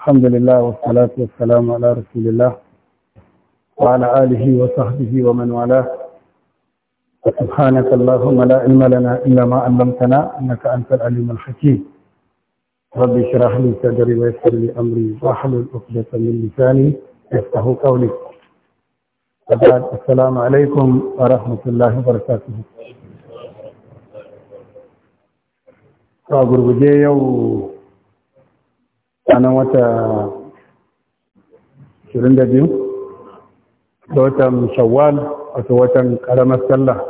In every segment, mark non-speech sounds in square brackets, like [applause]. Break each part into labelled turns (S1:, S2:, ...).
S1: الحمد لله والصلاة والسلام على رسول الله وعلى آله وصحبه ومن والاه سبحانك اللهم لا علم لنا إلا ما علمتنا إنك أنت العليم الحكيم رب اشرح لي صدري ويسر لي أمري واحلل عقدة من لساني يفقه قولي وبعد السلام عليكم ورحمة الله وبركاته ta gurguje yau ranar wata 22 da watan shawwal a watan karamar sallah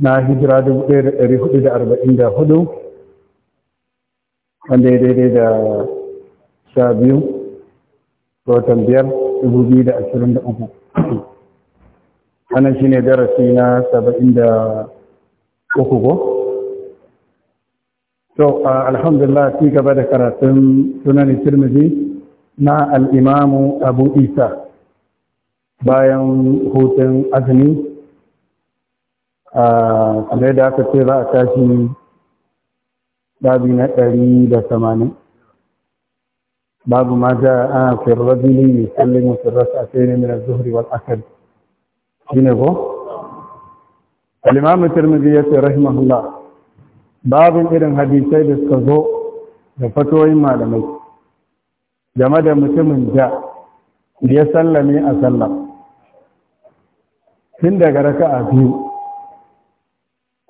S1: na hijira 1444 wanda ya daidai da sha biyu da watan biyar 2023 wannan shi ne darasi na 73 ko to alhamdulillah ci gaba da karatun sunan tirmidhi na al-imam abu isa bayan hutun azumi a kamar da aka ce za a tashi babi na ɗari da tamanin babu ma ja a firrajili yusallimu sirrasa a tsere min az-zuhri wal asr shine ko al-imam tirmidhi ya ce rahimahullah babin irin hadisai da suka zo da fatoyin malamai game da mutumin da ya sallame a sallah tun daga raka a biyu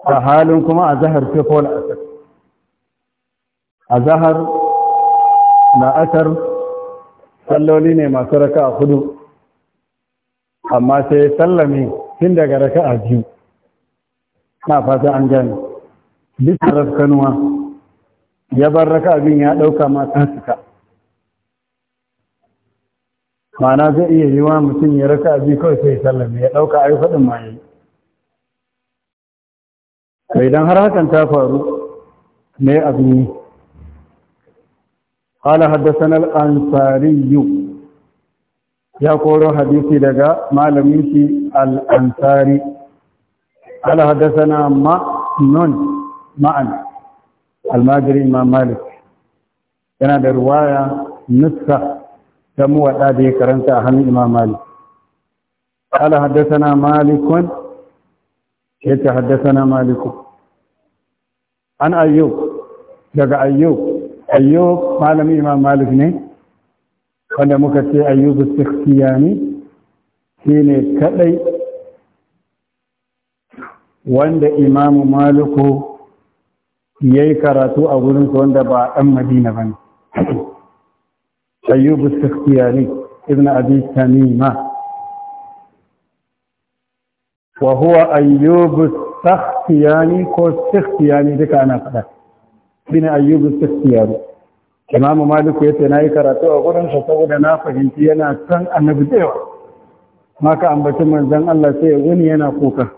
S1: a halin kuma a zahar tefol a la'asar a zahar la'asar salloli ne masu raka a hudu amma sai sallame tun daga raka a biyu na fata an gani bisa rafkanuwa ya bar raka abin ya ɗauka mata suka mana zai iya yi wa mutum ya raka abin kawai sai sallame ya ɗauka ayi faɗin ma yi idan har hakan ta faru ne abin yi haddasan al'ansari الأنصاري ya koro hadisi daga malamin shi al'ansari الأنصاري قال حدثنا مأنون ma'an almajiri imam malik yana da ruwaya nuska ta muwaɗa da ya karanta a hannun imam malik قال حدثنا مالك
S2: haddasa na malikun
S1: an ayyuk daga ayyuk ayyuk malami imam malik ne wanda muka ce ne shi shine kadai wanda imam maliku ya yi karatu a wurinsu wanda ba ɗan madina ba ne ayyubu sakhtiyari ibn abi tamima wa huwa ayyubu sakhtiyani ko sakhtiyani duka ana faɗa bin ayyubu sakhtiyari imamu maliku ce na yi karatu a gurinsa saboda na fahimci yana san annabi da maka ambacin manzon Allah sai wani yana kuka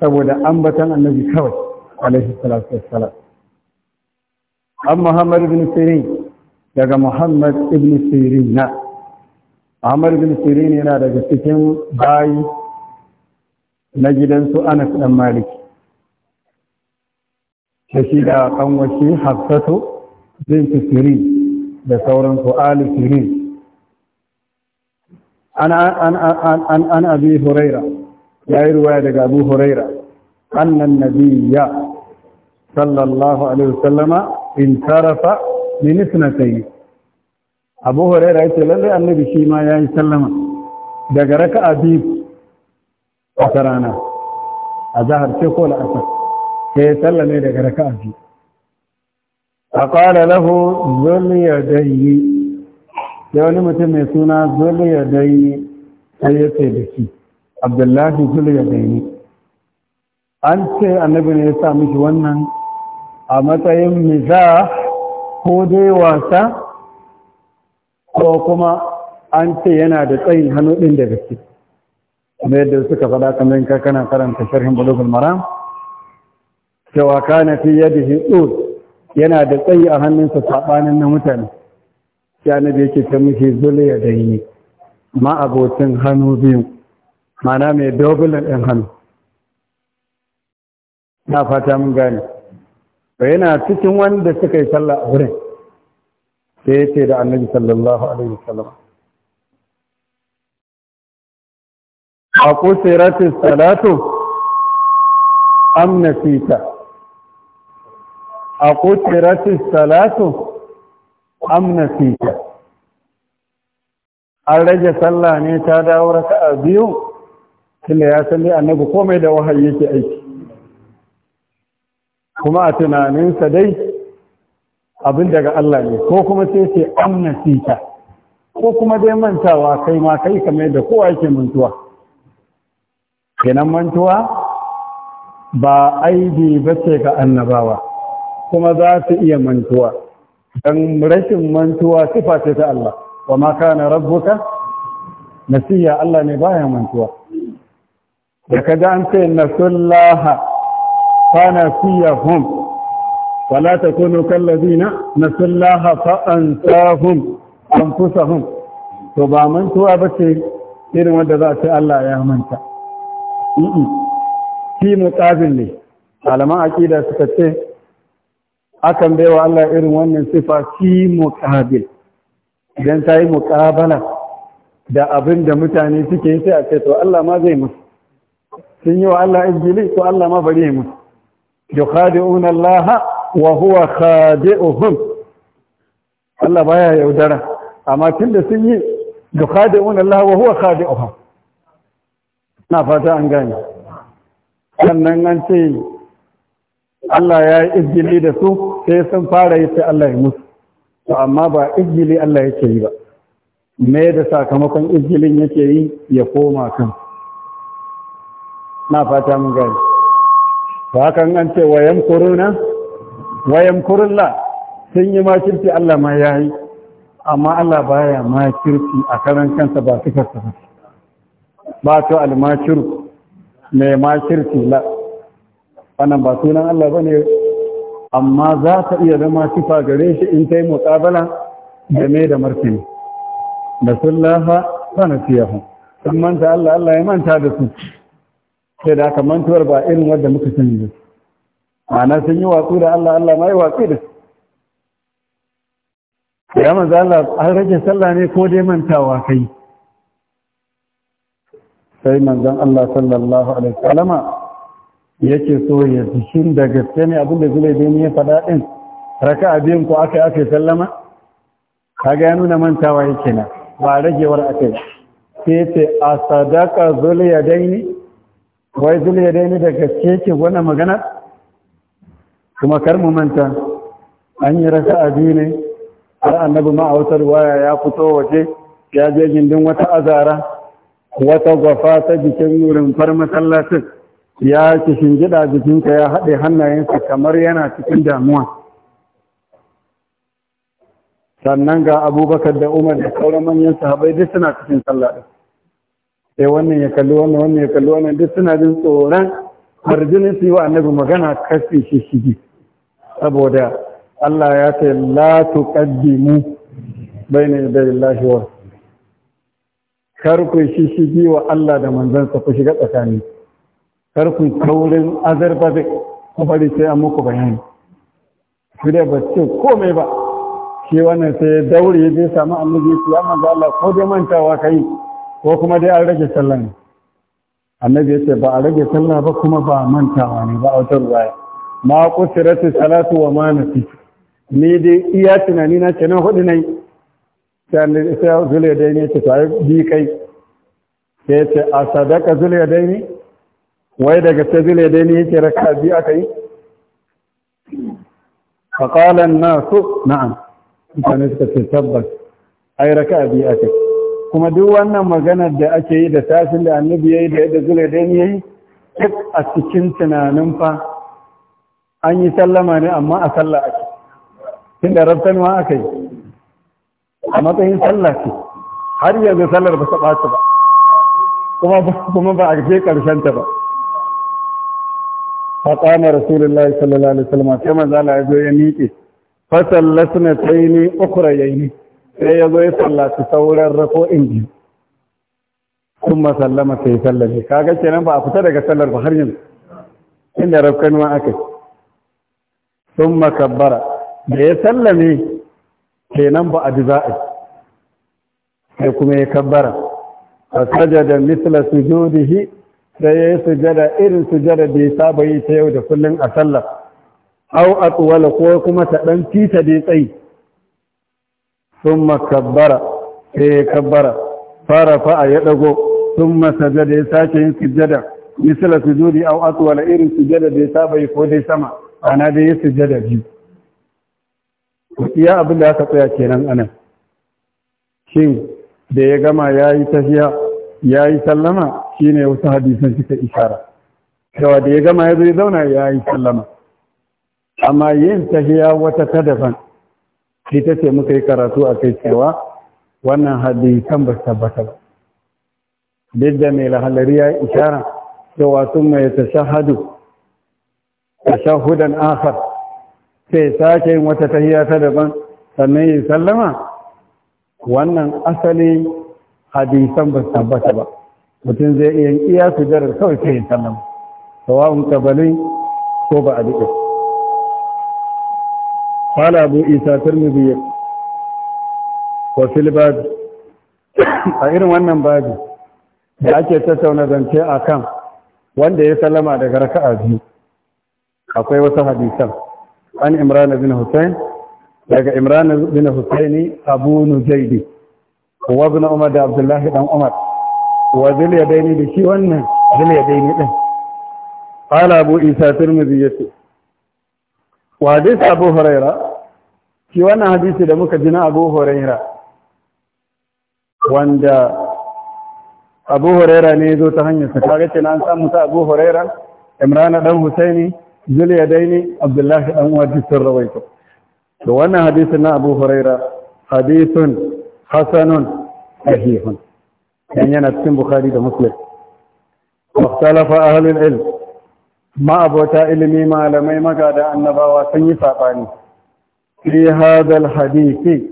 S1: saboda ambatan annabi kawai alaihi salatu wassalam an muhammad ibn sirin daga muhammad ibn sirin na muhammad ibn sirin yana daga cikin bayi na gidansu anas dan malik da shi da kanwashi hafsatu bintu sirin da sauransu ali sirin an abi huraira ya yi ruwaya daga abu huraira أن النبي صلى الله عليه وسلم انترف من اثنتين أبو هريرة يقول لي النبي شيما يا سلم دقرك أبيب أظهر أزهر تقول كي يسلم دقرك أبيب فقال له ذل يدي sai wani mutum mai suna zulu ya daini sai ya ce an ce annabi ne ya sa miki wannan a matsayin miza ko dai wasa ko kuma an ce yana da tsayin hannu ɗin da gaske kuma yadda suka faɗa kamar ka kana karanta sharhin bulugul maram cewa kana fi da tsur yana da tsayi a hannunsa saɓanin na mutane sai da yake ta miki zule da yi ma abocin hannu biyu ma'ana mai dogulan ɗin hannu na fata mun gane ba yana cikin wanda suka yi sallah a wurin sai ya ce da annabi sallallahu alaihi wasallam a kusuratin salatu am sita. a kusuratin salatu am sita. an rage sallah ne ta dawo raka'a biyu tunda ya san dai annabi komai da wahayi yake aiki kuma a tunaninsa dai abin daga Allah ne ko kuma sai ce an nasita ko kuma dai mantawa kai ma kai kamar yadda kowa yake mantuwa kenan mantuwa ba aibi ba ce ga annabawa kuma za su iya mantuwa Dan rashin mantuwa sifa ce ta Allah wa ma kana rabbuka nasiya Allah ne baya mantuwa da ka an ce nasullaha kana fiya hun wala ta kuno kallazi na nasallaha fa'antahum anfusahum to ba mantuwa ba ce irin wanda za a ce Allah ya manta i'i shi muqabil ne malaman aqida suka ce akan wa Allah irin wannan sifa shi muqabil idan ta yi muqabala da abin da mutane suke yi sai a ce to Allah ma zai musu sun yi wa Allah injili to Allah ma bari ya musu يخادعون الله وهو خادعهم الله Allah baya yaudara amma سنه sun yi وهو Allah نا huwa ان na fata an sannan an ce Allah ya yi izgili da su sai sun fara yi sai Allah ya musu to amma ba izgili Allah yake yi ba me da sakamakon izgilin yake yi ya koma kan na fata mun gani. to hakan an ce wayan kuruna wayan kurulla sun yi makirci Allah ma ya yi amma Allah baya makirci a karan kansa ba su kasa ba to almakir mai makirci la wannan ba sunan Allah ba ne amma za ta iya zama sifa gare shi in ta yi mutabala game da martini da sun laha sana fiye hun sun manta Allah Allah ya manta da su sai da aka mantuwar ba irin wadda muka sani ba ma'ana sun yi watsu da Allah Allah ma yi watsu da su ya manzo Allah an rage sallah ne ko dai mantawa kai sai manzon Allah sallallahu alaihi ya yake so ya cikin da gaske ne abin da Zulaibi ya faɗa din raka'a biyun ko aka aka sallama kaga ya nuna mantawa yake na ba ragewar akai sai ce a sadaka daini wai zule dai ne da gaske ke wannan magana kuma kar mu manta an yi a biyu ne har annabi ma a wutar waya ya fito waje ya je gindin wata azara wata gwafa ta jikin rumfar masallacin ya kishin gida jikinka ya haɗe hannayensa kamar yana cikin damuwa sannan ga abubakar da umar da sauran manyan sahabai duk suna cikin sallah sai eh, wannan ya kalli wannan wannan ya kalli wannan duk suna jin tsoron marjinin su yi wa annabi magana kasfe shi shi saboda Allah ya ce la bai ne yaday Allah wa kar ku shi wa Allah da manzansa ku shiga tsakani kar ku kaurin azarbazi ku bari sai an muku bayani shi da ba ce komai ba shi wannan sai ya daure ya je samu annabi ya manzo Allah ko dai mantawa kai ko kuma dai an rage sallah ne annabi ya ce ba a rage sallah ba kuma ba mantawa ne ba a wata ruwaya ma kusuratu salatu wa manati ni dai iya tunani na kenan hudu ne sai zule dai ne ta tare bi kai sai ce a sadaka zule dai ne wai daga ta zule dai ne yake raka bi aka yi qala an-nasu na'am mutane suka ce tabbas ai raka bi aka yi kuma duk wannan maganar da ake yi da tashin da annabi ya yi da yadda zuladen ya yi duk a cikin tunanin fa an yi sallama ne amma a sallah ake tun da rabtan ma aka yi a matsayin sallah ce har yanzu sallar ba ta ɓaci ba kuma ba a ƙarshen ta ba faƙama rasulullahi sallallahu alaihi wasallam sai manzo Allah ya zo ya miƙe fasal tayni ukhra sai ya zo ya sallaci sauran rako'in biyu sun masallama sai ya sallame kaga kenan ba a fita daga sallar ba har yanzu inda rafkanuwa aka yi sun makabbara da ya sallame kenan ba a ji za'a sai kuma ya kabbara a sajada misla sujudihi sai ya yi sujada irin sujada da ya saba yi ta yau da kullum a sallar au a ko kuma ta ɗan fita da tsayi ثم كبر sai كبر fara fa'a ya سجد ساكن sajada ya sake yin sujada misal sujudi aw atwala irin sujada da ya saba yi ko dai sama ana dai sujada biyu iya aka tsaya kenan anan shin da ya gama ya yi tafiya ya yi sallama shi ne wasu hadisan suka ishara cewa da gama ya zai zauna ya yi sallama amma yin tafiya wata ta daban ita ce muka yi karatu a kai cewa wannan hadisan ba tabbata ba duk da mai lahalari ya yi ishara cewa sun mai ta tashahadu tashahudan ahar sai sake yin wata tahiya ta daban sannan yin sallama wannan asali hadisan ba tabbata ba mutum zai iya iya jarar kawai sai ya sallama sawa'un kabali ko ba a duka قال أبو إيسى الترمذي وفي الباب غير wannan babi da ake tattauna zance akan wanda ya sallama daga raka'a biyu akwai wasu hadisan an Imran bin Hussein daga Imran bin Hussein Abu Nujaidi wa Umar da Abdullah dan Umar wa zil yadaini da wannan zil yadaini din qala Abu Isa Tirmidhi yace wa hadisi abu huraira shi wannan hadisi da muka ji na abu huraira wanda abu huraira ne zo ta hanyar sa kaga ce na an samu ta abu huraira imrana dan husaini zuliya daini abdullahi dan wadi sun rawaito to wannan hadisin na abu huraira hadisun hasanun sahihun yan yana cikin bukhari da muslim واختلف أهل العلم ma'abota ilimi malamai magada annabawa sun yi saɓani fi hadal hadisi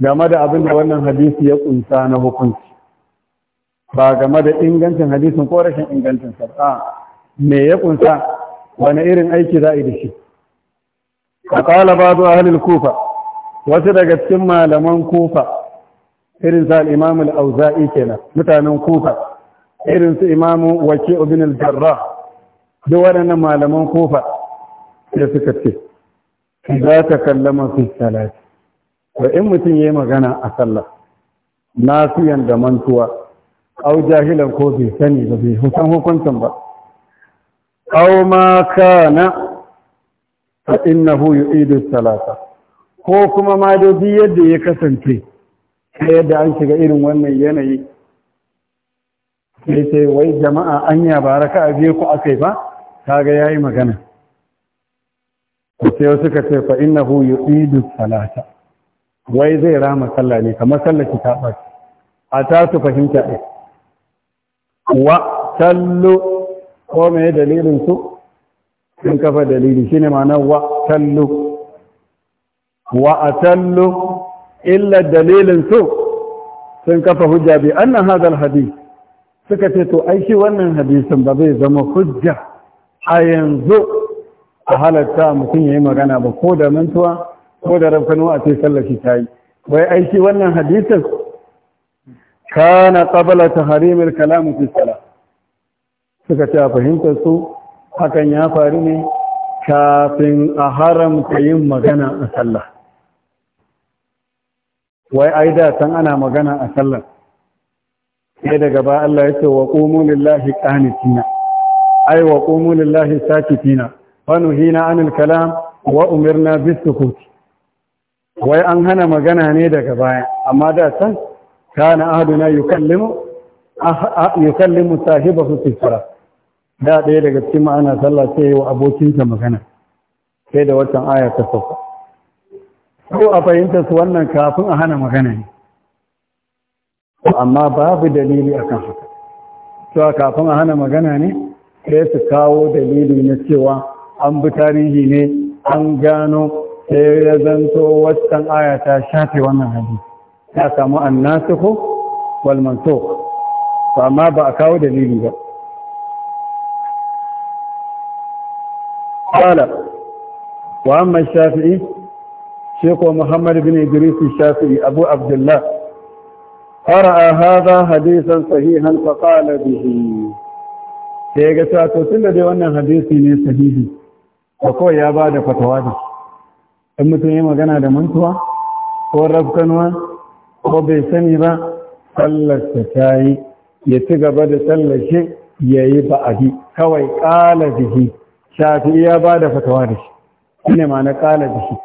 S1: game da abin da wannan hadisi ya kunsa na hukunci ba game da ingancin hadisin ko rashin ingancin sa me ya kunsa wani irin aiki za a yi da shi a ƙala ba zuwa halin kufa wasu daga cikin malaman kufa irin sa al'imamu al'auza'i kenan mutanen kufa irin su imamu wake ibn al-jarrah duk waɗannan malaman kofa da suka ce za ta kallama fi salati to in mutum ya yi magana a sallah siyan da mantuwa au jahilan ko bai sani ba bai hukan hukuncin ba au ma kana fa innahu yu'idu salata ko kuma ma yadda ya kasance ta yadda an shiga irin wannan yanayi sai sai wai jama'a anya baraka a biyu ku akai ba kaga yi magana sai ka ce fa huyu idu salata wai zai rama sallah ne kamar sallar ki taɓa a ta su fahimta ɗin wa tallu ko me dalilin su sun kafa dalili shi ne ma'anar wa tallu wa a tallo illa dalilin su sun kafa hujja bi annan hadal hadith suka ce to ai shi wannan hadisin ba zai zama hujja a yanzu a halatta mutum ya yi magana ba ko da mantuwa ko da rafkanu a ce sallashi ta yi wai aiki wannan hadisin kana qabla ta kalam fi salat suka ce a fahimtar su hakan ya faru ne kafin a haramta yin magana a sallah wai ai da san ana magana a sallah sai daga ba Allah ya ce wa qumu lillahi qanitina ai wa qumu lillahi sakitina wa nuhina anil kalam wa umirna bis sukut wai an hana magana ne daga baya amma da san kana ahaduna yukallimu yukallimu sahibahu fi salat da ɗaya daga cikin ma'ana sallah sai wa abokinsa magana sai da watan aya ta sauka ko a fahimta su wannan kafin a hana magana ne amma babu dalili akan haka to kafin a hana magana ne sai su kawo dalili na cewa an bi tarihi ne an gano sai ya zanto waccan aya ta shafe wannan hadisi ya samu annasihu wal mansukh to amma ba a kawo dalili ba qala wa amma shafi'i شيخ محمد بن إدريس الشافعي أبو عبد الله قرأ هذا حديثا صحيحا فقال به sai ya ga cewa to tun da dai wannan hadisi ne sahihi ba kawai ya ba da fatawa ne in mutum ya magana da mantuwa ko rafkanuwa ko bai sani ba sallar ta yi ya ci gaba da shi ya yi ba'adi kawai ƙala bihi shafi ya ba da fatawa da shi shine ma na ƙala bihi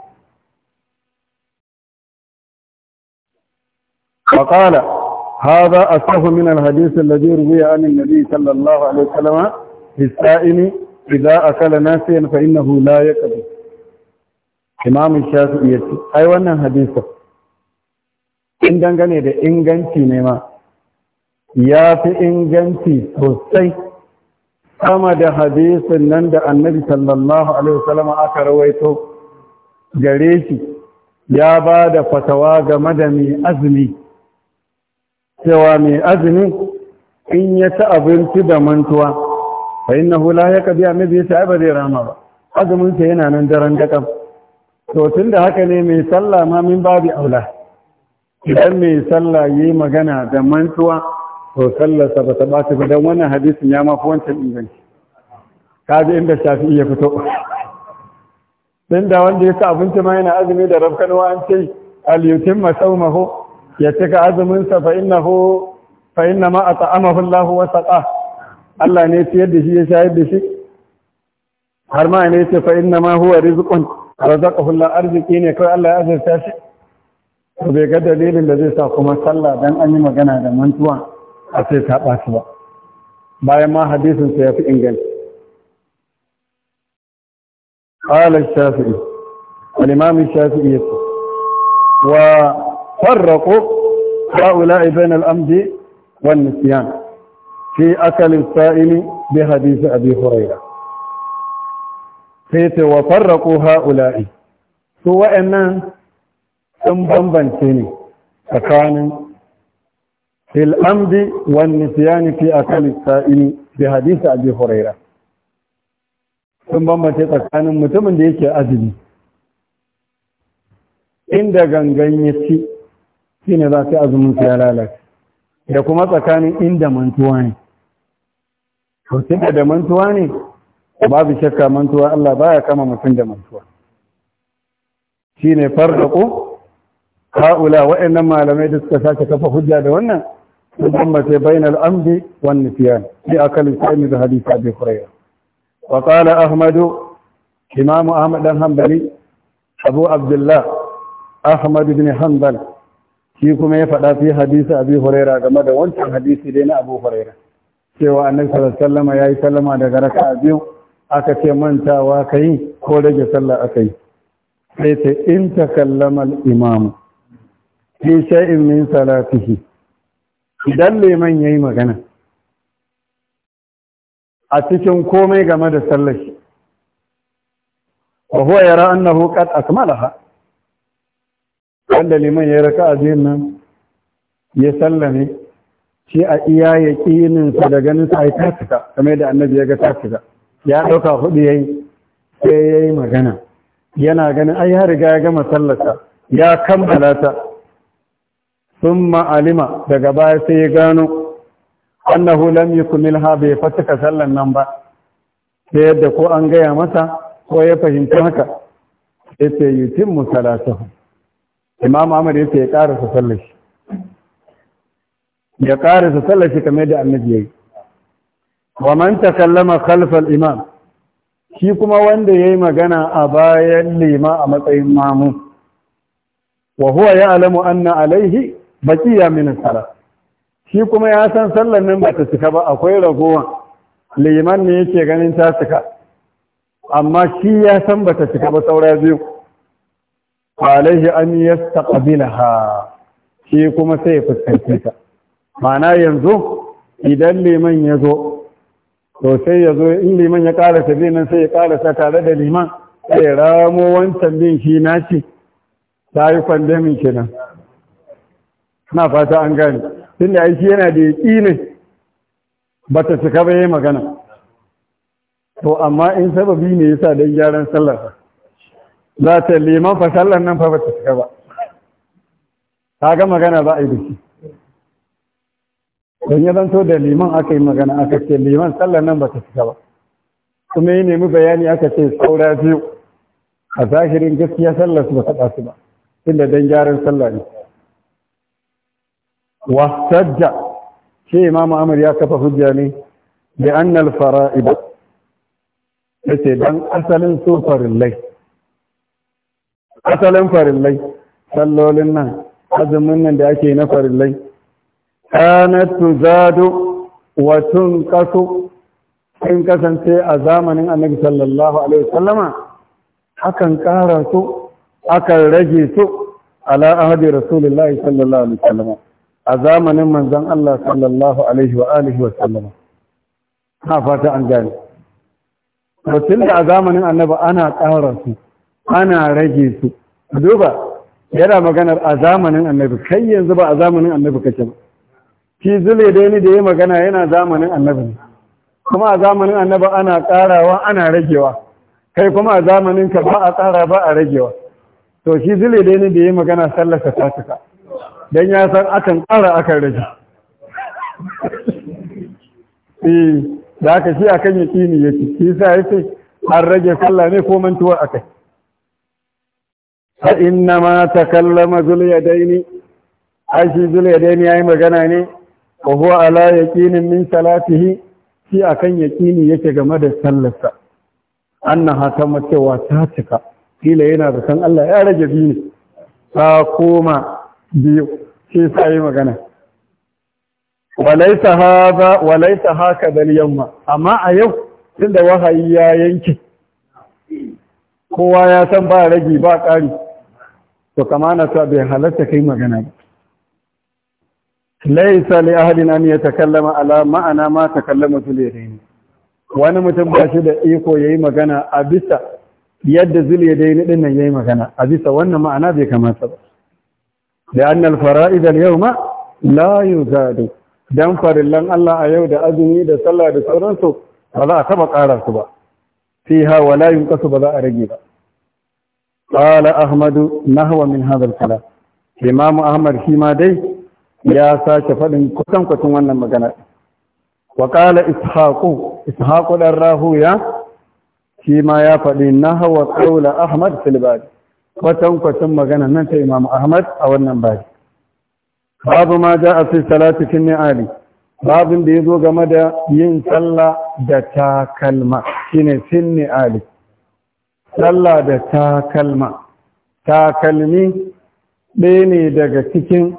S1: wa ƙala هذا أصح من الحديث الذي روي عن النبي صلى الله عليه وسلم في السائم إذا أكل ناسيا فإنه لا يقضي Imam Shafi'i ya ce ai wannan hadisin in dangane da inganci ne ma ya fi inganci sosai sama da hadisin nan da Annabi sallallahu alaihi wasallam aka rawaito gare shi ya ba da fatawa game da mai azumi cewa mai azumi in ya ci abinci da mantuwa fa inna hula ya kabi annabi ya sai ba zai rama ba azumin sa yana nan daren dakam to tun da haka ne mai sallah ma min babu aula idan mai sallah yi magana da mantuwa to sallarsa ba ta ba ta don wannan hadisin ya mafi wancan inganci Ka ji inda shafi ya fito Tun da wanda ya sa abinci ma yana azumi da rafkanuwa an ce aliyutin masau maho ya cika azuminsa fa innahu fa inna ma at'amahu Allah wa saqah Allah ne ciyar da shi ya shayar da shi har ma ne ce fa inna ma huwa rizqun razaqahu Allah arziki ne kai Allah ya azurta shi to bai ga dalilin da zai sa kuma sallah dan an yi magana da mantuwa a sai ta ba ba bayan ma hadisin sa yafi inganci قال الشافعي الإمام الشافعي و فرقوا هؤلاء بين الأمد والنسيان في أكل السائل بحديث أبي هريرة في وفرقوا هؤلاء سواء أنهم بنبنتيني فكان في الأمد والنسيان في أكل السائل بحديث أبي هريرة sun mace tsakanin mutumin da yake azumi inda gangan ya ci shi ne za ka yi azumin ya lalace da kuma tsakanin inda mantuwa ne sosai da da mantuwa ne babu shakka mantuwa Allah baya kama mutum da mantuwa shi ne fardaƙo ha'ula waɗannan malamai da suka sake kafa hujja da wannan sun bambance bainal amdi wan nisyan bi akalin da hadisi abi hurairah wa qala ahmadu imam ahmad dan abu abdullah ahmad ibn hanbal shi kuma ya faɗa fi hadisi abi huraira game da wancan hadisi dai na abu huraira cewa annabi sallallahu alaihi wasallam yayi sallama daga raka'a biyu aka ce mantawa kai ko rage sallah akai sai ta in kallama al-imam fi shay'in min salatihi idan liman yayi magana a cikin komai game da sallar shi wa huwa yara annahu qad akmalaha wanda liman ya raka a biyun nan ya sallame shi a iya ya ƙininsa da ganin sa ya tafika kamar da annabi ya ga tafika ya ɗauka hudu ya yi sai ya yi magana yana ganin ai har riga ya gama sallata ya kammala ta sun ma'alima daga baya sai ya gano annahu lam yukumil ha bai fasika sallan nan ba sai yadda ko an gaya masa ko ya fahimci haka sai ce yutimmu salatahu imam ahmad ya karasa sallar ya karasa sallar kamar da annabi yayi wa man takallama imam shi kuma wanda ya yi magana a bayan lima a matsayin mamu wa huwa ya'lamu anna alaihi baqiya ya mini tsara shi kuma ya san sallar nan ba ta cika ba akwai ragowa liman ne yake ganin ta cika amma shi ya san ba ta cika ba saura biyu falaihi an yastaqbilaha shi kuma sai ya fuskanci ta mana yanzu idan liman ya zo to sai ya zo in liman ya ƙara zai nan sai ya ta tare da liman sai ramo wancan bin shi ta yi kwandamin kenan na fata an gani tunda shi yana da ne ba ta cika ba yi magana to amma in sababi ne sa don gyaran sallar za ta liman fa sallar nan fa ba ta cika ba ta ga magana ba a yi biki. don ya zanto da liman aka yi magana aka ce liman sallan nan ba ta cika ba kuma yi nemi bayani aka ce saura biyu a zahirin gaskiya sallar su ba ta su ba inda don gyaran sallar ne Wasajja! ce imamu amir ya kafa hujja ne da annal fara'ida ce dan asalin su lai asalin farillai sallolin nan azumin nan da ake na farillai kanat Zadu, wa tunqasu in kasance a zamanin annabi sallallahu alaihi wasallama akan kara su akan rage su ala ahadi rasulullahi sallallahu alaihi wasallama a zamanin manzon Allah sallallahu alaihi wa alihi wasallama ha fata an gane to tun da a zamanin annabi ana kara su ana rage su duba yana maganar a zamanin annabi kai yanzu ba a zamanin annabi kake ba shi zule da ni da ya magana yana zamanin annabi ne kuma a zamanin annabi ana karawa ana ragewa kai kuma a zamanin ka ba a kara ba a ragewa to shi zule da ni da ya magana sallaka ta tuka dan ya san akan kara akan rage [laughs] eh da aka shi akan ne yake shi sai sai an rage sallah ne ko mantuwa akai A ina mata kallama zulya dainin? Harshen zulya dainin magana ne? Oh wala yaƙinan ninsa lafiyai? Shi akan yaƙinin yake game da tallafsa. Annah haka mace wa ta cika. Lila yana da ƙan Allah ya rage biyu ne. Aa koma biyu shi ya yi magana. Walaisa haka zan yamma. Amma a yau tunda wahayi ya yanke. Kowa ya san ba ragi ba ƙari. to kamana na sa bai halatta kai magana ba laisa li ahadin an yatakallama ala ma'ana ma takallama zuliyadaini wani mutum ba shi da iko yayi magana a bisa yadda zuliyadaini din nan yayi magana a bisa wannan ma'ana bai kamata ba da anna al fara'id al yawma la yuzadu dan farillan Allah a yau da azumi da sallah da sauransu ba za a taba ƙara su ba fiha wala yunqasu ba za a rage ba Ƙala Ahmadu na hawa min hazar kala. Imamu Ahmad shi ma dai ya sace faɗin wannan magana. Wa Ishaku, Ishaku ɗan rahu shi ma ya faɗi na hawa ƙaula Ahmad Silbari. Kwatan magana nan ta imam Ahmad a wannan baki. Babu ma ja a fi salatu cin Ali. Babin da ya zo game da yin salla da takalma shine ne Ali. sallah da takalma takalmi ɗaya ne daga cikin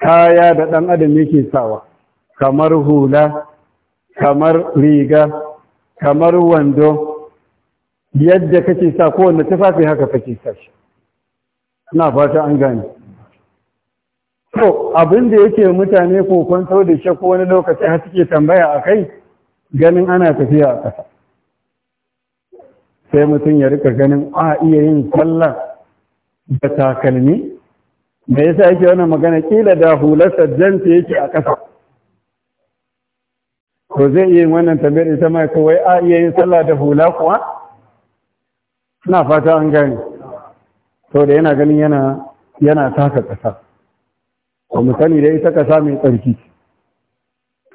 S1: kaya da ɗan adam yake sawa kamar hula kamar riga kamar wando yadda kake sa kowanne tufafi haka kake sa shi ina fata an gane to abin da yake mutane kokon sau da shi ko wani lokaci har suke tambaya a kai ganin ana tafiya a ƙasa sai mutum ya rika ganin a iya yin sallah da takalmi me yasa yake wannan magana kila da hularsa janta yake a ƙasa ko zai iya yin wannan tambayar ita ma kawai a iya yin sallah da hula kuwa ina fata an gane to da yana ganin yana yana taka ƙasa ko mu sani da ita ƙasa mai tsarki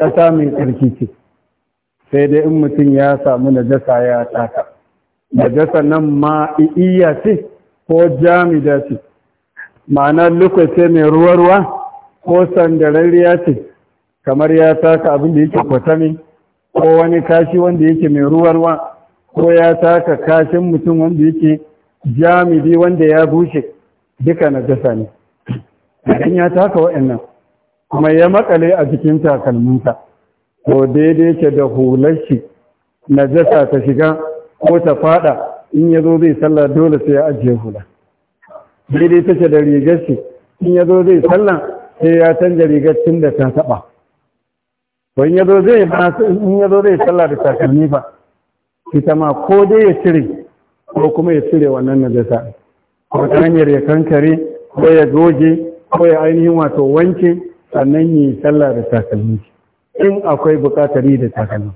S1: ƙasa mai tsarki ce sai dai in mutum ya samu najasa ya taka najasa nan ma'iyya ce ko jami'a ce ma'ana lokaci mai ruwa-ruwa ko sandararriya ce kamar ya taka abin da yake kwatami ko wani kashi wanda yake mai ruwa-ruwa ko ya taka kashin mutum wanda yake jamidi wanda ya bushe duka najasa ne idan ya taka waɗannan kuma ya makale a jikin takalminta. Ko daidai ke da hular shi najasa ta shiga ko ta fada in ya zo zai sallah dole sai ya ajiye hula daidai take da rigar shi in ya zo zai sallah sai ya canja rigar tun da ta taba to in ya zo zai in ya zo zai sallah da takalmi ba ita ma ko dai ya cire ko kuma ya cire wannan najasa ko ta hanyar ya kankare ko ya goge ko ya ainihin wato wanke sannan yi sallah da takalmi in akwai bukatari da takalmi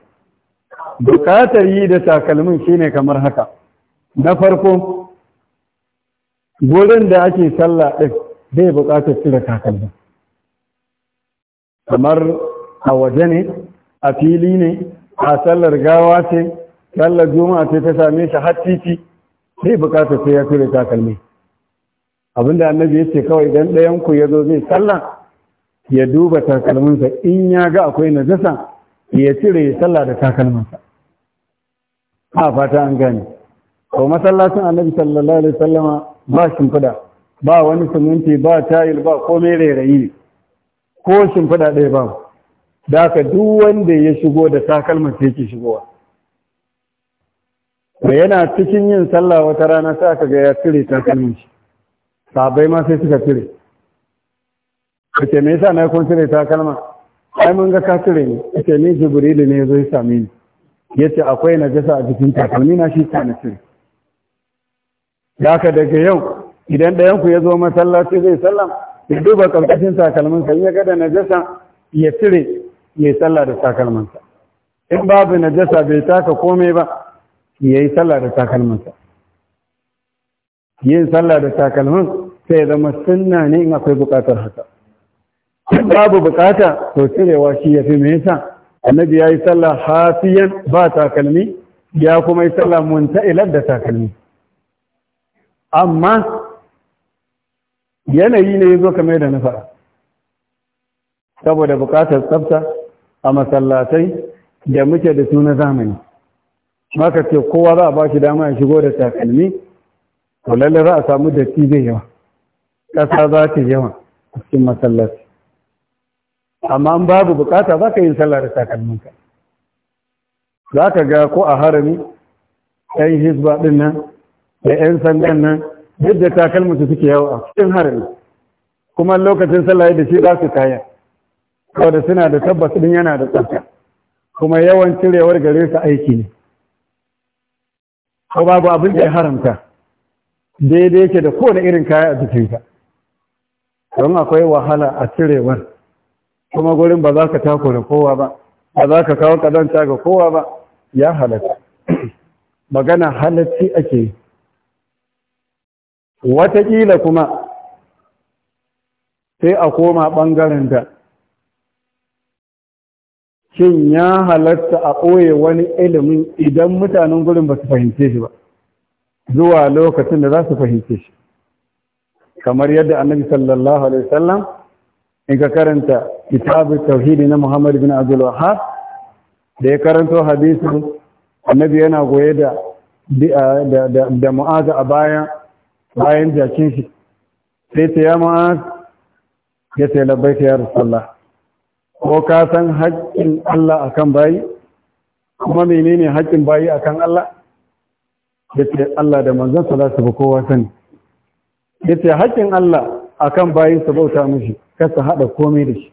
S1: bukatar yi da takalmin shine kamar haka na farko gurin da ake sallah ɗin zai bukatar cire takalmin kamar a waje ne a fili ne a sallar gawa ce sallar juma'a ce ta same shi har titi zai bukatar sai ya cire takalmi abinda annabi ya ce kawai idan ɗayan ku ya zo zai sallah ya duba takalminsa in ya ga akwai najasa ya cire sallah da takalmansa ha fata an gane ko masallacin annabi sallallahu alaihi wasallama ba shimfida ba wani suminti ba tayil ba komai rairayi ko shimfida ɗaya ba da aka duk wanda ya shigo da takalmar sai yake shigowa da yana cikin yin sallah wata rana sai aka ga ya cire takalmin shi sabai ma sai suka cire kace me yasa na kun cire takalma ai mun ga katire ne ita ne ya ne ya same ni yace akwai najasa a jikin takalmi na shi ta na cire ka daga yau idan ɗayan ku ya zo masallaci zai sallam ya duba kalkashin takalmin sai ya ga da najasa ya cire ya salla da takalmin sa in babu najasa bai taka komai ba yayi salla da takalmin sa yin sallah da takalmin sai zama sunna ne in akwai bukatar haka babu bukata to cirewa shi ya fi mai yasa annabi ya yi sallah hafiyan ba takalmi ya kuma yi sallah munta'ilar da takalmi amma yanayi ne ya zo kamar da na saboda bukatar tsafta a masallatai da muke da su na zamani maka ce kowa za a ba shi dama ya shigo da takalmi to lalle za a samu datti zai yawa ƙasa za ta yawa cikin masallaci amma babu bukata ba ka yin sallah da takalminka za ka ga ko a harami ɗan hisba ɗin nan da ‘yan sandan nan duk da takalminsu suke yawo a cikin harami kuma lokacin sallah da shi za su kaya da suna da tabbas ɗin yana da tsarka kuma yawan cirewar gare su aiki ne ko babu abin da ya haramta daidai yake da kowane irin kaya a jikinka don akwai wahala a cirewar kuma gurin ba za ka tako da kowa ba ba za ka kawo ƙazanta ga kowa ba ya halatta [clears throat] magana halatti ake yi watakila kuma sai a koma ɓangaren da shin ya halatta a ɓoye wani ilimin idan mutanen gurin ba su fahimce shi ba zuwa lokacin da za su fahimce shi kamar yadda annabi sallallahu alaihi wasallam in ka karanta kitabu tauhidi na Muhammad bin Abdul Wahhab da ya karanto hadisi annabi yana goye da da mu'aza a bayan bayan jakin shi sai ta ya mu'az ya ce labbaika ya rasulullah ko ka san haƙƙin Allah akan bayi kuma menene haƙƙin bayi akan Allah ya ce Allah da manzon sallallahu alaihi wasallam kowa sani ya ce haƙƙin Allah akan bayi su bauta mishi kasa hada komai da shi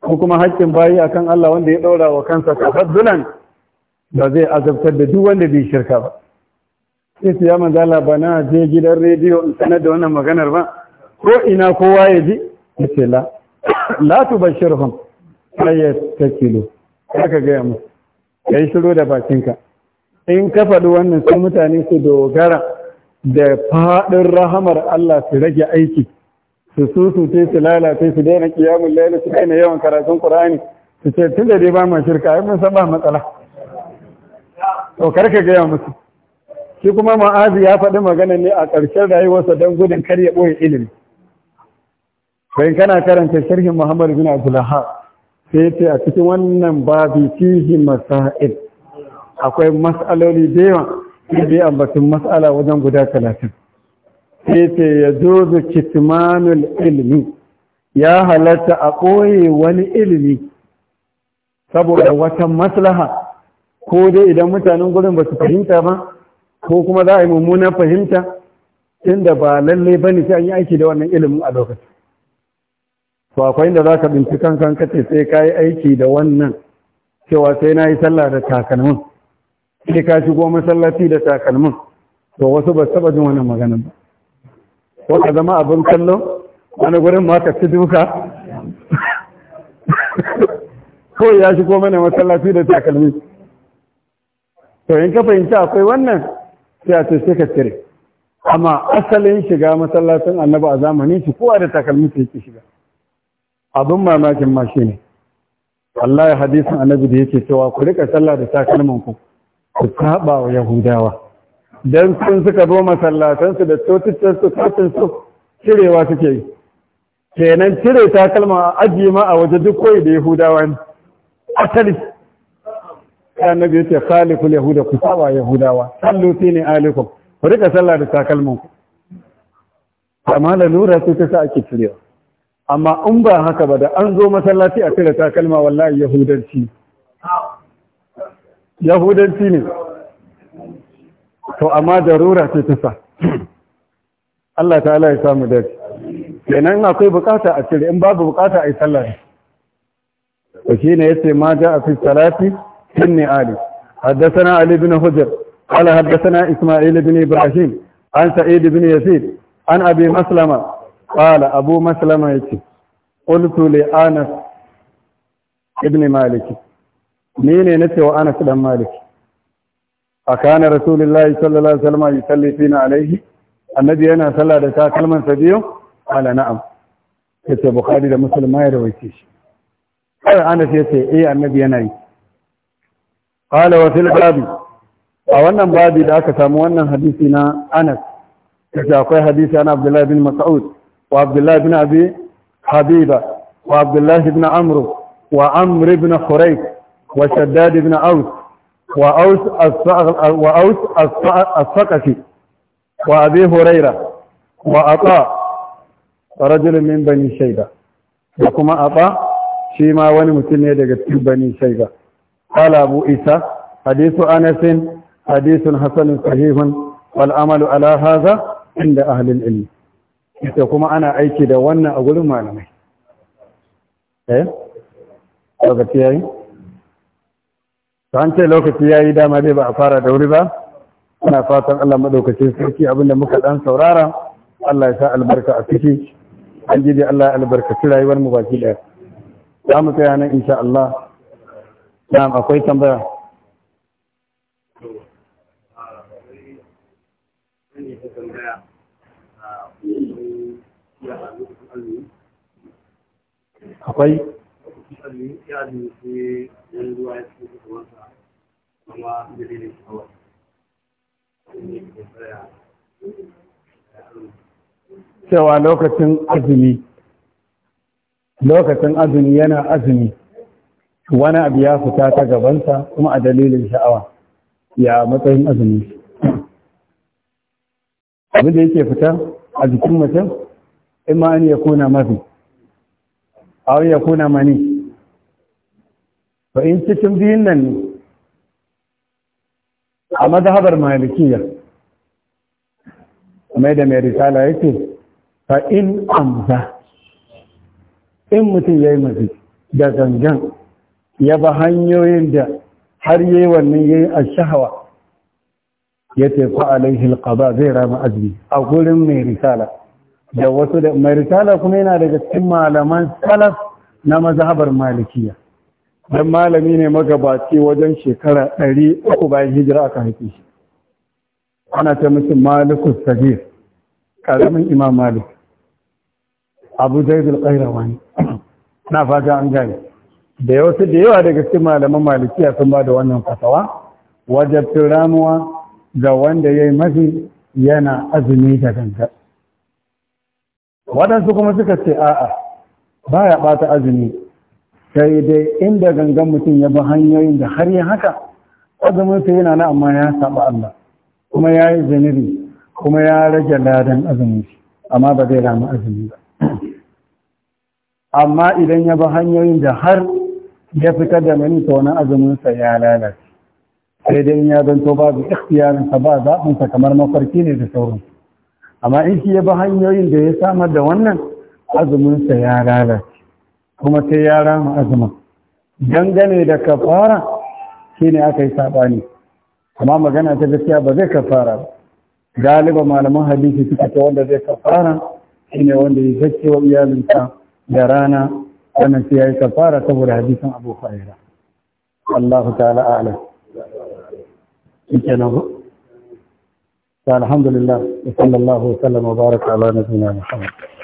S1: ko kuma haƙƙin bayi akan Allah wanda ya daura wa kansa tafaddulan ba zai azabtar da duk wanda bai shirka ba sai su ya manzala ba na je gidan rediyo in sanar da wannan maganar ba ko ina kowa ya ji ya ce la la tu bashirhum sai ta kilo aka gaya mu kai shiru da bakinka in ka faɗi wannan sai mutane su dogara da faɗin rahamar Allah su rage aiki su susute su lalace su daina kiyamun laila su daina yawan karatun Qur'ani su ce tun da dai ba ma shirka ai mun san ba matsala to karka gaya musu shi kuma ma'azi ya faɗi magana ne a ƙarshen rayuwarsa don gudun kar ya ɓoye ilimi bayan kana karanta sharhin Muhammad bin Abdullah sai ce a cikin wannan babi fihi masail akwai mas'aloli da yawa sai dai ambatin mas'ala wajen guda talatin sai ce ya da kitmanul ilmi ya halatta a ɓoye wani ilimi saboda wata maslaha ko dai idan mutanen gurin ba su fahimta ba ko kuma za a yi mummunan fahimta inda ba lalle ba ne sai an yi aiki da wannan ilimin a lokacin to akwai inda za ka bincikan kan kace sai ka yi aiki da wannan cewa sai na yi sallah da takalmin sai ka shigo masallaci da takalmin to wasu ba saba jin wannan magana ba ko ka zama abin kallo wani gurin ma ka ci duka [laughs] ko ya shigo mana masallaci da takalmi to in ka fahimci akwai wannan sai a ce sai ka cire amma asalin shiga masallacin annabi a zamani shi kowa da takalmi sai yake shiga abin mamakin ma shi ne wallahi hadisin annabi da yake cewa ku rika sallah da takalmin ku ku saba wa yahudawa don sun suka zo masallatansu da cocinsu su cirewa suke yi kenan cire takalma a ajiye ma a waje duk koyi da yahudawa ne asali nabi yake khalifu yahuda ku saba yahudawa sallu tini alaikum ku rika sallah da takalman ku amma lura sai ta sa ake cirewa amma in ba haka ba da an zo masallaci a cire takalma wallahi yahudanci yahudanci ne to amma darura ce ta sa Allah ta ala ya samu dare nan akwai bukata a cire in babu bukata a yi sallari ko shi ne ya ce ma ja a fi salati sinni ali na ali bin hujar haddasa na isma'il bin ibrahim an sa'id bin yasir an abi maslama qala abu maslama yace qultu li anas ibn Maliki. ni ne na cewa Anas dan Malik akana rasulullahi sallallahu alaihi wasallam yusalli fina alaihi annabi yana sallah da takalman sa biyu ala na'am yace bukhari da muslim ma ya rawaice shi sai Anas ce, eh annabi yana yi qala wa babi a wannan babi da aka samu wannan hadisi na Anas da akwai hadisi ana Abdullahi bin Mas'ud wa Abdullahi bin Abi Habiba wa Abdullahi bin Amru, wa Amr bin Khurayq وشداد بن أوس وأوس وأوس الثقفي وأبي هريرة وأطاء رجل من بني شيبة وكما أطاء شيما ونمتن يدك بني شيبة قال أبو إيسى حديث أنس حديث حسن صحيح والأمل على هذا عند أهل العلم وكما أنا أيكي دوانا أقول ما لمي إيه؟ وقت يعين to an ce lokaci ya yi dama dai ba a fara da wuri ba ana fatan Allah maɗaukacin sarki abinda muka ɗan saurara Allah ya sa albarka a ciki an ji Allah ya albarkaci rayuwar mu baki ɗaya za mu tsaya nan insha Allah na'am akwai tambaya akwai kuma kawai cewa lokacin azumi lokacin azumi yana azumi wani abu ya fita ta gabansa kuma a dalilin sha'awa ya matsayin azumi abin da yake fita a jikin mutum ima an ya kuna mafi a ya kuna mani ba in cikin biyun nan a mazhabar malikiya mai da mai risala yake fa in amza in mutum ya yi mazi da zangen ya ba hanyoyin da har yi wannan ya yi a shahawa ya teku alaihi alqaba zai rama azumi a gurin mai risala da wasu da mai risala kuma yana daga cikin malaman salaf na mazhabar malikiya dan malami ne magabaci wajen shekara ɗari uku bayan hijira aka haife shi ana ta musu malikus sabir ƙaramin imam malik abu zaidul ne. [clears throat] na fata an gane da yawa da yawa daga cikin malaman malikiya sun ba da wannan fatawa wajabtun ramuwa ga wanda ya yi mafi yana azumi da ganga waɗansu kuma suka ce a'a baya ɓata azumi sai dai inda gangan mutum ya bi hanyoyin da har yi haka azuminsa yana na amma ya saba Allah kuma ya yi zaniri, kuma ya rage ladan azumin amma ba zai rama azumi ba amma idan ya bi hanyoyin da har ya fitar da mani ta wani azuminsa ya lalace sai dai ya zanto babu sa ba zabinsa kamar mafarki ne da sauran amma in shi ya bi hanyoyin da ya samar da wannan azuminsa ya lalace kuma sai ya rama azumin dangane da kafara shine aka yi saɓani amma magana ta gaskiya ba zai kafara ba galiba malaman hadisi suka ta wanda zai kafara shine wanda ya zakke wa iyalinsa da rana wannan sai ya yi kafara saboda hadisin Abu Hurairah Allahu ta'ala ala alhamdulillah wa wa baraka ala nabiyyina Muhammad